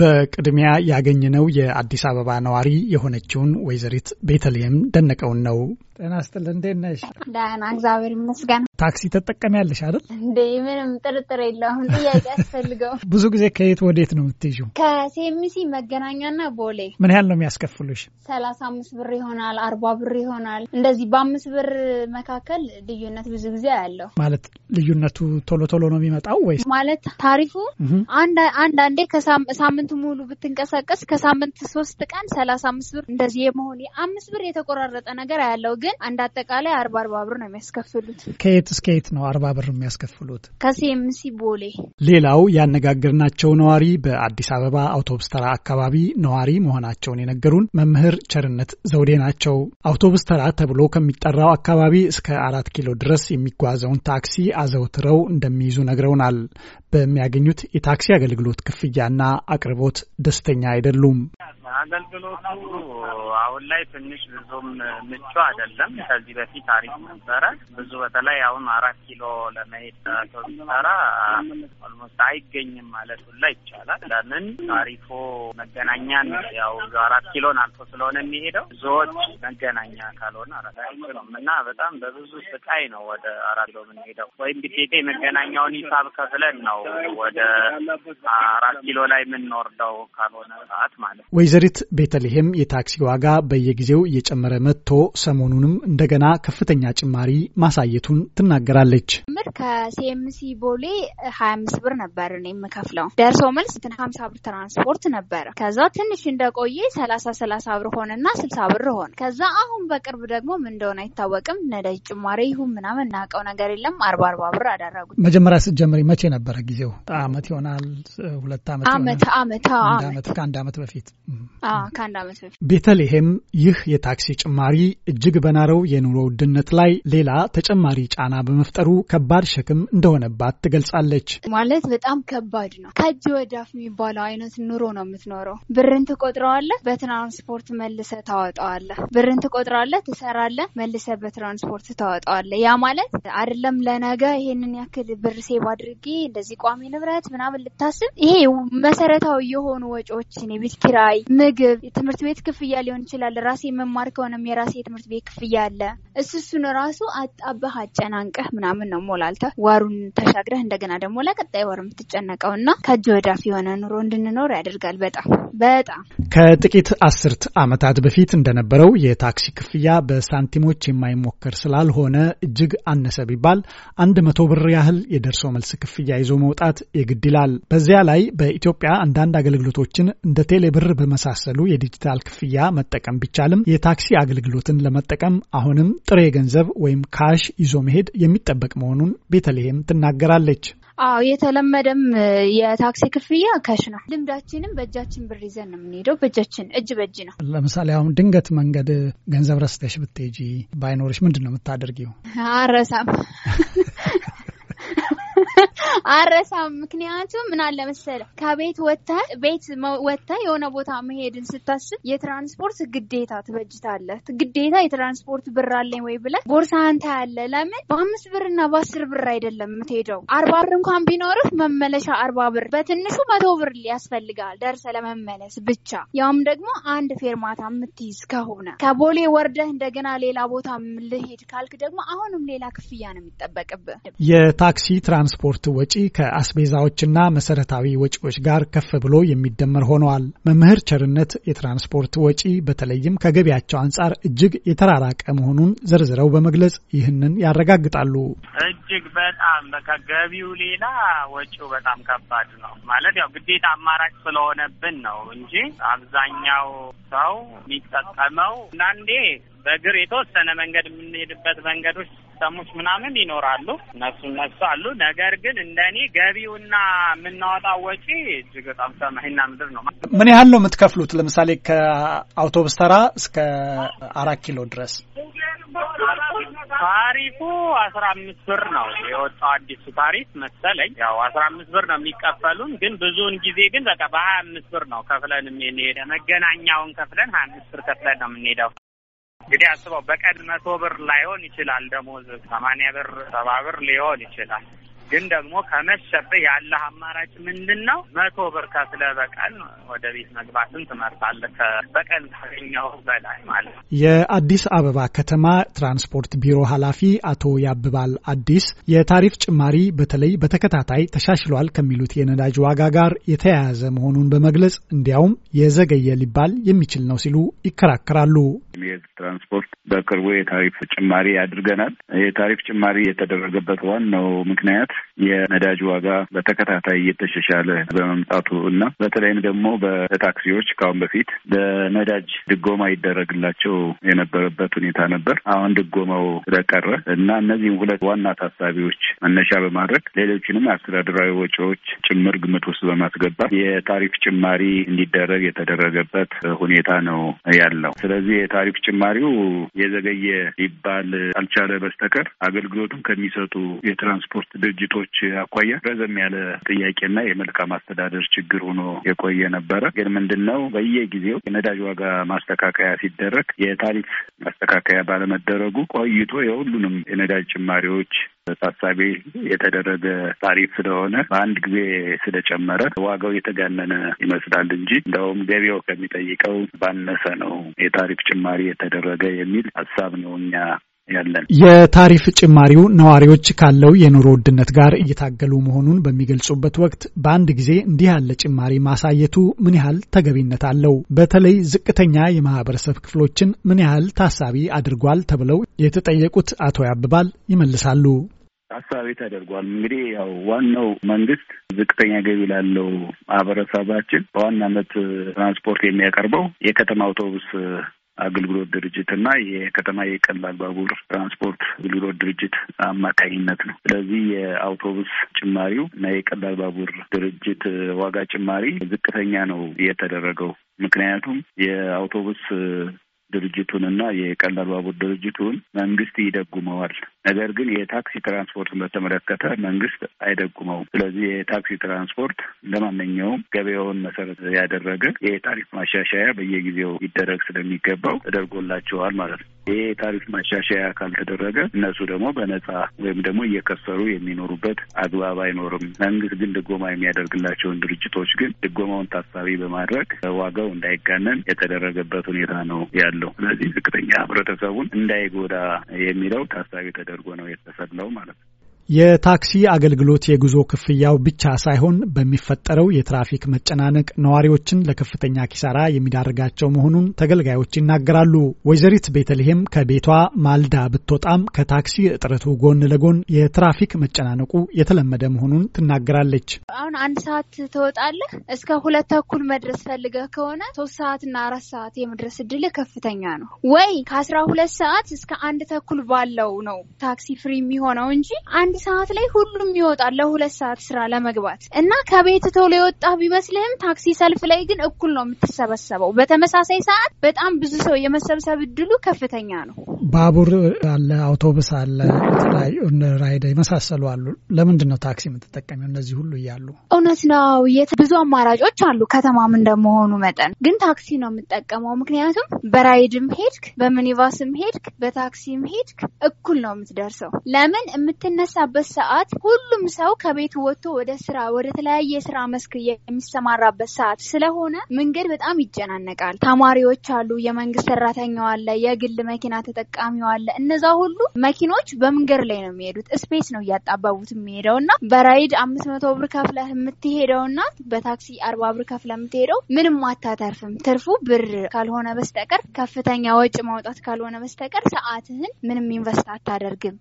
በቅድሚያ ያገኘነው የአዲስ አበባ ነዋሪ የሆነችውን ወይዘሪት ቤተልሔም ደነቀውን ነው። ጤና ስጥል እንዴት ነሽ? ደህና እግዚአብሔር ይመስገን። ታክሲ ተጠቀሚያለሽ አይደል? እንዴ ምንም ጥርጥር አሁን ጥያቄ ያስፈልገው። ብዙ ጊዜ ከየት ወዴት ነው የምትይዥው? ከሴሚሲ መገናኛና ቦሌ። ምን ያህል ነው የሚያስከፍሉሽ? ሰላሳ አምስት ብር ይሆናል፣ አርባ ብር ይሆናል። እንደዚህ በአምስት ብር መካከል ልዩነት ብዙ ጊዜ አያለው። ማለት ልዩነቱ ቶሎ ቶሎ ነው የሚመጣው ወይ? ማለት ታሪፉ አንዳንዴ ከሳምንቱ ሙሉ ብትንቀሳቀስ ከሳምንት ሶስት ቀን ሰላሳ አምስት ብር እንደዚህ የመሆን አምስት ብር የተቆራረጠ ነገር አያለው። ግን አንድ አጠቃላይ አርባ አርባ ብር ነው የሚያስከፍሉት። ቤት እስከ የት ነው አርባ ብር የሚያስከፍሉት? ከሲኤምሲ ቦሌ። ሌላው ያነጋገርናቸው ነዋሪ በአዲስ አበባ አውቶቡስ ተራ አካባቢ ነዋሪ መሆናቸውን የነገሩን መምህር ቸርነት ዘውዴ ናቸው። አውቶቡስ ተራ ተብሎ ከሚጠራው አካባቢ እስከ አራት ኪሎ ድረስ የሚጓዘውን ታክሲ አዘውትረው እንደሚይዙ ነግረውናል። በሚያገኙት የታክሲ አገልግሎት ክፍያና አቅርቦት ደስተኛ አይደሉም። አገልግሎቱ አሁን ላይ ትንሽ ብዙም ምቹ አይደለም። ከዚህ በፊት አሪፍ ነበረ። ብዙ በተለይ አሁን አራት ኪሎ ለመሄድ ሰራ ኦልሞስት አይገኝም ማለት ሁላ ይቻላል። ለምን ታሪፎ መገናኛን ያው አራት ኪሎን አልፎ ስለሆነ የሚሄደው ብዙዎች መገናኛ ካልሆነ አራት አይችሉም እና በጣም በብዙ ስቃይ ነው ወደ አራት ኪሎ የምንሄደው። ወይም ግዴታ የመገናኛውን ሂሳብ ከፍለን ነው ወደ አራት ኪሎ ላይ የምንወርደው ካልሆነ ሰዓት ማለት ነው። የወይዘሪት ቤተልሔም የታክሲ ዋጋ በየጊዜው እየጨመረ መጥቶ ሰሞኑንም እንደገና ከፍተኛ ጭማሪ ማሳየቱን ትናገራለች። ምር ከሲኤምሲ ቦሌ ሀያ አምስት ብር ነበር እኔ የምከፍለው ደርሶ መልስ ሀምሳ ብር ትራንስፖርት ነበረ። ከዛ ትንሽ እንደቆየ ሰላሳ ሰላሳ ብር ሆነና ስልሳ ብር ሆነ። ከዛ አሁን በቅርብ ደግሞ ምን እንደሆነ አይታወቅም ነዳጅ ጭማሪ ይሁን ምናምን እናውቀው ነገር የለም አርባ አርባ ብር አደረጉት። መጀመሪያ ስትጀምሪ መቼ ነበረ ጊዜው? አመት ይሆናል ሁለት አመት አመት አመት ከአንድ አመት በፊት ከአንድ ዓመት በፊት ቤተልሔም፣ ይህ የታክሲ ጭማሪ እጅግ በናረው የኑሮ ውድነት ላይ ሌላ ተጨማሪ ጫና በመፍጠሩ ከባድ ሸክም እንደሆነባት ትገልጻለች። ማለት በጣም ከባድ ነው። ከእጅ ወዳፍ የሚባለው አይነት ኑሮ ነው የምትኖረው። ብርን ትቆጥረዋለህ፣ በትራንስፖርት መልሰ ታወጣዋለህ። ብርን ትቆጥረዋለህ፣ ትሰራለህ፣ መልሰ በትራንስፖርት ታወጣዋለህ። ያ ማለት አይደለም ለነገ ይሄንን ያክል ብር ሴብ አድርጌ እንደዚህ ቋሚ ንብረት ምናምን ልታስብ፣ ይሄ መሰረታዊ የሆኑ ወጪዎችን የቤት ኪራይ ምግብ፣ የትምህርት ቤት ክፍያ ሊሆን ይችላል። ራሴ መማር ከሆነም የራሴ የትምህርት ቤት ክፍያ አለ። እስሱን ራሱ አጣበህ አጨናንቀህ ምናምን ነው ሞላልተ ወሩን ተሻግረህ እንደገና ደግሞ ለቀጣይ ወር የምትጨነቀው እና ከእጅ ወዳፍ የሆነ ኑሮ እንድንኖር ያደርጋል። በጣም በጣም ከጥቂት አስርት ዓመታት በፊት እንደነበረው የታክሲ ክፍያ በሳንቲሞች የማይሞከር ስላልሆነ እጅግ አነሰ ቢባል አንድ መቶ ብር ያህል የደርሶ መልስ ክፍያ ይዞ መውጣት የግድ ይላል። በዚያ ላይ በኢትዮጵያ አንዳንድ አገልግሎቶችን እንደ ቴሌ ብር በመሳ የመሳሰሉ የዲጂታል ክፍያ መጠቀም ቢቻልም የታክሲ አገልግሎትን ለመጠቀም አሁንም ጥሬ ገንዘብ ወይም ካሽ ይዞ መሄድ የሚጠበቅ መሆኑን ቤተልሔም ትናገራለች። አዎ የተለመደም የታክሲ ክፍያ ካሽ ነው። ልምዳችንም በእጃችን ብር ይዘን ነው የምንሄደው። በእጃችን እጅ በእጅ ነው። ለምሳሌ አሁን ድንገት መንገድ ገንዘብ ረስተሽ ብትሄጂ ባይኖርሽ ምንድን ነው የምታደርጊው? አረሳም አረሳም። ምክንያቱም ምን አለ መሰለህ ከቤት ወጥተህ ቤት ወጥተህ የሆነ ቦታ መሄድን ስታስብ የትራንስፖርት ግዴታ ትበጅታለህ። ግዴታ የትራንስፖርት ብር አለኝ ወይ ብለህ ቦርሳህን ታያለህ። ለምን በአምስት ብር በአስር ብር አይደለም የምትሄደው። አርባ ብር እንኳን ቢኖርህ መመለሻ አርባ ብር፣ በትንሹ መቶ ብር ያስፈልጋል ደርሰ ለመመለስ ብቻ። ያውም ደግሞ አንድ ፌርማታ የምትይዝ ከሆነ ከቦሌ ወርደህ እንደገና ሌላ ቦታ ልሄድ ካልክ ደግሞ አሁንም ሌላ ክፍያ ነው የሚጠበቅብህ። የታክሲ ትራንስፖርት ወጪ ከአስቤዛዎችና መሰረታዊ ወጪዎች ጋር ከፍ ብሎ የሚደመር ሆነዋል። መምህር ቸርነት የትራንስፖርት ወጪ በተለይም ከገቢያቸው አንጻር እጅግ የተራራቀ መሆኑን ዘርዝረው በመግለጽ ይህንን ያረጋግጣሉ። እጅግ በጣም በቃ ሌላ ወጪው በጣም ከባድ ነው ማለት ያው ግዴታ አማራጭ ስለሆነብን ነው እንጂ አብዛኛው ሰው የሚጠቀመው እናንዴ በእግር የተወሰነ መንገድ የምንሄድበት መንገዶች ሲስተሞች ምናምን ይኖራሉ። እነሱ እነሱ አሉ። ነገር ግን እንደ እኔ ገቢውና የምናወጣው ወጪ እጅግ በጣም ሰማይና ምድር ነው። ምን ያህል ነው የምትከፍሉት? ለምሳሌ ከአውቶቡስ ተራ እስከ አራት ኪሎ ድረስ ታሪፉ አስራ አምስት ብር ነው የወጣው አዲሱ ታሪፍ መሰለኝ። ያው አስራ አምስት ብር ነው የሚቀበሉን፣ ግን ብዙውን ጊዜ ግን በቃ በሀያ አምስት ብር ነው ከፍለን የምንሄደ መገናኛውን ከፍለን ሀያ አምስት ብር ከፍለን ነው የምንሄደው። እንግዲህ አስበው በቀን መቶ ብር ላይሆን ይችላል ደሞዝ ሰማንያ ብር ሰባ ብር ሊሆን ይችላል። ግን ደግሞ ከመሸብህ ያለህ አማራጭ ምንድን ነው? መቶ ብር ከፍለህ በቀን ወደ ቤት መግባትን ትመርጣለህ። በቀን ካገኘው በላይ ማለት ነው። የአዲስ አበባ ከተማ ትራንስፖርት ቢሮ ኃላፊ አቶ ያብባል አዲስ የታሪፍ ጭማሪ በተለይ በተከታታይ ተሻሽሏል ከሚሉት የነዳጅ ዋጋ ጋር የተያያዘ መሆኑን በመግለጽ እንዲያውም የዘገየ ሊባል የሚችል ነው ሲሉ ይከራከራሉ። የህዝብ ትራንስፖርት በቅርቡ የታሪፍ ጭማሪ አድርገናል። የታሪፍ ጭማሪ የተደረገበት ዋናው ምክንያት የነዳጅ ዋጋ በተከታታይ እየተሻሻለ በመምጣቱ እና በተለይም ደግሞ በታክሲዎች ከአሁን በፊት ለነዳጅ ድጎማ ይደረግላቸው የነበረበት ሁኔታ ነበር። አሁን ድጎማው ስለቀረ እና እነዚህም ሁለት ዋና ታሳቢዎች መነሻ በማድረግ ሌሎችንም አስተዳደራዊ ወጪዎች ጭምር ግምት ውስጥ በማስገባት የታሪፍ ጭማሪ እንዲደረግ የተደረገበት ሁኔታ ነው ያለው። ስለዚህ ታሪፍ ጭማሪው የዘገየ ሊባል አልቻለ በስተቀር አገልግሎቱን ከሚሰጡ የትራንስፖርት ድርጅቶች አኳያ ረዘም ያለ ጥያቄና የመልካም አስተዳደር ችግር ሆኖ የቆየ ነበረ። ግን ምንድን ነው በየጊዜው የነዳጅ ዋጋ ማስተካከያ ሲደረግ የታሪፍ ማስተካከያ ባለመደረጉ ቆይቶ የሁሉንም የነዳጅ ጭማሪዎች ታሳቢ የተደረገ ታሪፍ ስለሆነ በአንድ ጊዜ ስለጨመረ ዋጋው የተጋነነ ይመስላል እንጂ እንደውም ገቢያው ከሚጠይቀው ባነሰ ነው የታሪፍ ጭማሪ የተደረገ የሚል ሀሳብ ነው እኛ ያለን የታሪፍ ጭማሪው ነዋሪዎች ካለው የኑሮ ውድነት ጋር እየታገሉ መሆኑን በሚገልጹበት ወቅት በአንድ ጊዜ እንዲህ ያለ ጭማሪ ማሳየቱ ምን ያህል ተገቢነት አለው? በተለይ ዝቅተኛ የማህበረሰብ ክፍሎችን ምን ያህል ታሳቢ አድርጓል? ተብለው የተጠየቁት አቶ ያብባል ይመልሳሉ። አሳቢ ተደርጓል። እንግዲህ ያው ዋናው መንግስት ዝቅተኛ ገቢ ላለው ማህበረሰባችን በዋናነት ትራንስፖርት የሚያቀርበው የከተማ አውቶቡስ አገልግሎት ድርጅት እና የከተማ የቀላል ባቡር ትራንስፖርት አገልግሎት ድርጅት አማካኝነት ነው። ስለዚህ የአውቶቡስ ጭማሪው እና የቀላል ባቡር ድርጅት ዋጋ ጭማሪ ዝቅተኛ ነው የተደረገው። ምክንያቱም የአውቶቡስ ድርጅቱንና የቀላል ባቡር ድርጅቱን መንግስት ይደጉመዋል። ነገር ግን የታክሲ ትራንስፖርትን በተመለከተ መንግስት አይደጉመውም። ስለዚህ የታክሲ ትራንስፖርት ለማንኛውም ገበያውን መሰረት ያደረገ የታሪፍ ማሻሻያ በየጊዜው ይደረግ ስለሚገባው ተደርጎላቸዋል ማለት ነው። ይሄ የታሪፍ ማሻሻያ ካልተደረገ እነሱ ደግሞ በነጻ ወይም ደግሞ እየከሰሩ የሚኖሩበት አግባብ አይኖርም። መንግስት ግን ድጎማ የሚያደርግላቸውን ድርጅቶች ግን ድጎማውን ታሳቢ በማድረግ ዋጋው እንዳይጋነን የተደረገበት ሁኔታ ነው ያለው። ስለዚህ ዝቅተኛ ህብረተሰቡን እንዳይጎዳ የሚለው ታሳቢ ተደርጎ ነው የተሰላው ማለት ነው። የታክሲ አገልግሎት የጉዞ ክፍያው ብቻ ሳይሆን በሚፈጠረው የትራፊክ መጨናነቅ ነዋሪዎችን ለከፍተኛ ኪሳራ የሚዳርጋቸው መሆኑን ተገልጋዮች ይናገራሉ። ወይዘሪት ቤተልሔም ከቤቷ ማልዳ ብትወጣም ከታክሲ እጥረቱ ጎን ለጎን የትራፊክ መጨናነቁ የተለመደ መሆኑን ትናገራለች። አሁን አንድ ሰዓት ትወጣለህ። እስከ ሁለት ተኩል መድረስ ፈልገህ ከሆነ ሶስት ሰዓትና አራት ሰዓት የመድረስ እድል ከፍተኛ ነው። ወይ ከአስራ ሁለት ሰዓት እስከ አንድ ተኩል ባለው ነው ታክሲ ፍሪ የሚሆነው እንጂ አንድ አንድ ሰዓት ላይ ሁሉም ይወጣል ለሁለት ሰዓት ስራ ለመግባት እና ከቤት ቶሎ የወጣ ቢመስልህም ታክሲ ሰልፍ ላይ ግን እኩል ነው የምትሰበሰበው። በተመሳሳይ ሰዓት በጣም ብዙ ሰው የመሰብሰብ እድሉ ከፍተኛ ነው። ባቡር አለ፣ አውቶቡስ አለ፣ ራይደ የመሳሰሉ አሉ። ለምንድን ነው ታክሲ የምትጠቀሚው እነዚህ ሁሉ እያሉ? እውነት ነው ብዙ አማራጮች አሉ። ከተማም እንደመሆኑ መጠን ግን ታክሲ ነው የምጠቀመው። ምክንያቱም በራይድም ሄድክ፣ በሚኒባስም ሄድክ፣ በታክሲም ሄድክ እኩል ነው የምትደርሰው። ለምን የምትነሳ በምንሰራበት ሰዓት ሁሉም ሰው ከቤት ወጥቶ ወደ ስራ ወደ ተለያየ ስራ መስክ የሚሰማራበት ሰዓት ስለሆነ መንገድ በጣም ይጨናነቃል። ተማሪዎች አሉ፣ የመንግስት ሰራተኛው አለ፣ የግል መኪና ተጠቃሚው አለ። እነዛ ሁሉ መኪኖች በመንገድ ላይ ነው የሚሄዱት። ስፔስ ነው እያጣባቡት የሚሄደው እና በራይድ አምስት መቶ ብር ከፍለህ የምትሄደው እና በታክሲ አርባ ብር ከፍለህ የምትሄደው ምንም አታተርፍም። ትርፉ ብር ካልሆነ በስተቀር ከፍተኛ ወጪ ማውጣት ካልሆነ በስተቀር ሰዓትህን ምንም ኢንቨስት አታደርግም።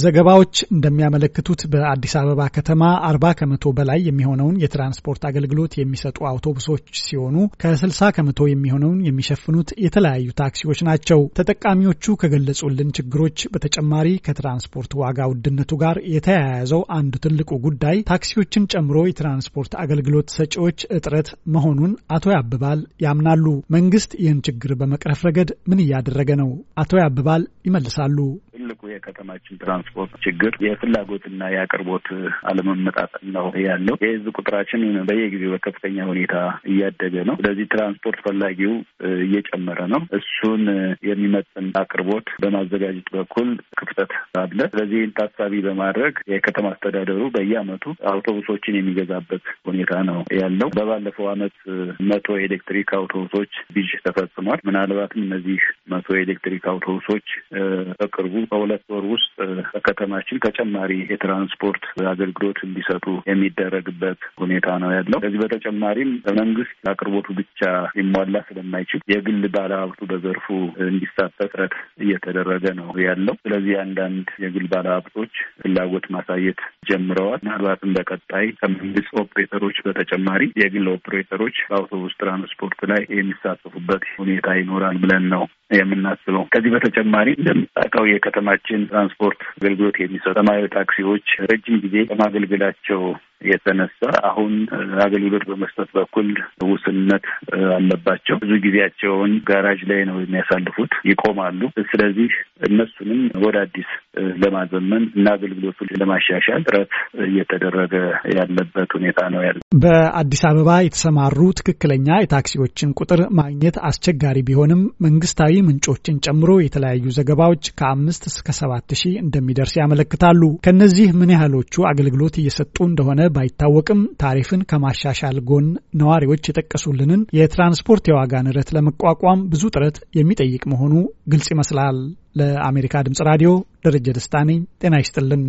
ዘገባዎች እንደሚያመለክቱት በአዲስ አበባ ከተማ አርባ ከመቶ በላይ የሚሆነውን የትራንስፖርት አገልግሎት የሚሰጡ አውቶቡሶች ሲሆኑ ከ60 ከመቶ የሚሆነውን የሚሸፍኑት የተለያዩ ታክሲዎች ናቸው። ተጠቃሚዎቹ ከገለጹልን ችግሮች በተጨማሪ ከትራንስፖርት ዋጋ ውድነቱ ጋር የተያያዘው አንዱ ትልቁ ጉዳይ ታክሲዎችን ጨምሮ የትራንስፖርት አገልግሎት ሰጪዎች እጥረት መሆኑን አቶ ያብባል ያምናሉ። መንግስት ይህን ችግር በመቅረፍ ረገድ ምን እያደረገ ነው? አቶ ያብባል ይመልሳሉ። ትልቁ የከተማችን የትራንስፖርት ችግር፣ የፍላጎትና የአቅርቦት አለመመጣጠን ነው ያለው። የህዝብ ቁጥራችን በየጊዜው በከፍተኛ ሁኔታ እያደገ ነው። ስለዚህ ትራንስፖርት ፈላጊው እየጨመረ ነው። እሱን የሚመጥን አቅርቦት በማዘጋጀት በኩል ክፍተት አለ። ስለዚህ ይህን ታሳቢ በማድረግ የከተማ አስተዳደሩ በየአመቱ አውቶቡሶችን የሚገዛበት ሁኔታ ነው ያለው። በባለፈው አመት መቶ ኤሌክትሪክ አውቶቡሶች ግዥ ተፈጽሟል። ምናልባትም እነዚህ መቶ ኤሌክትሪክ አውቶቡሶች በቅርቡ በሁለት ወር ውስጥ ከተማችን ተጨማሪ የትራንስፖርት አገልግሎት እንዲሰጡ የሚደረግበት ሁኔታ ነው ያለው። ከዚህ በተጨማሪም በመንግስት አቅርቦቱ ብቻ ሊሟላ ስለማይችል የግል ባለሀብቱ በዘርፉ እንዲሳተፍ ጥረት እየተደረገ ነው ያለው። ስለዚህ አንዳንድ የግል ባለሀብቶች ፍላጎት ማሳየት ጀምረዋል። ምናልባትም በቀጣይ ከመንግስት ኦፕሬተሮች በተጨማሪ የግል ኦፕሬተሮች በአውቶቡስ ትራንስፖርት ላይ የሚሳተፉበት ሁኔታ ይኖራል ብለን ነው የምናስበው። ከዚህ በተጨማሪ እንደምታውቀው የከተማችን ትራንስፖርት አገልግሎት የሚሰጡ ሰማያዊ ታክሲዎች ረጅም ጊዜ በማገልገላቸው የተነሳ አሁን አገልግሎት በመስጠት በኩል ውስንነት አለባቸው። ብዙ ጊዜያቸውን ጋራጅ ላይ ነው የሚያሳልፉት፣ ይቆማሉ። ስለዚህ እነሱንም ወደ አዲስ ለማዘመን እና አገልግሎቱን ለማሻሻል ጥረት እየተደረገ ያለበት ሁኔታ ነው ያለ። በአዲስ አበባ የተሰማሩ ትክክለኛ የታክሲዎችን ቁጥር ማግኘት አስቸጋሪ ቢሆንም መንግስታዊ ምንጮችን ጨምሮ የተለያዩ ዘገባዎች ከአምስት እስከ ሰባት ሺህ እንደሚደርስ ያመለክታሉ። ከነዚህ ምን ያህሎቹ አገልግሎት እየሰጡ እንደሆነ ባይታወቅም ታሪፍን ከማሻሻል ጎን ነዋሪዎች የጠቀሱልንን የትራንስፖርት የዋጋ ንረት ለመቋቋም ብዙ ጥረት የሚጠይቅ መሆኑ ግልጽ ይመስላል። ለአሜሪካ ድምጽ ራዲዮ ደረጀ ደስታ ነኝ። ጤና ይስጥልን።